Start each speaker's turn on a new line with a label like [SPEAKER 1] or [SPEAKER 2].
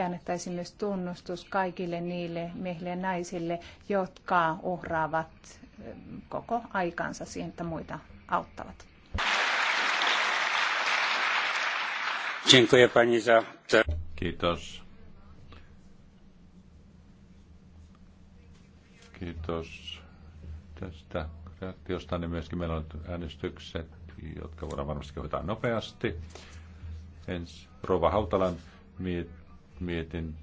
[SPEAKER 1] ja annettaisiin myös tunnustus kaikille niille miehille ja naisille, jotka uhraavat eh, koko aikansa siihen, että muita auttavat.
[SPEAKER 2] Kiitos. Kiitos
[SPEAKER 3] tästä reaktiosta. Niin myöskin meillä on äänestykset, jotka
[SPEAKER 4] voidaan varmasti hoitaa nopeasti. Ensi Rova Hautalan miet mietin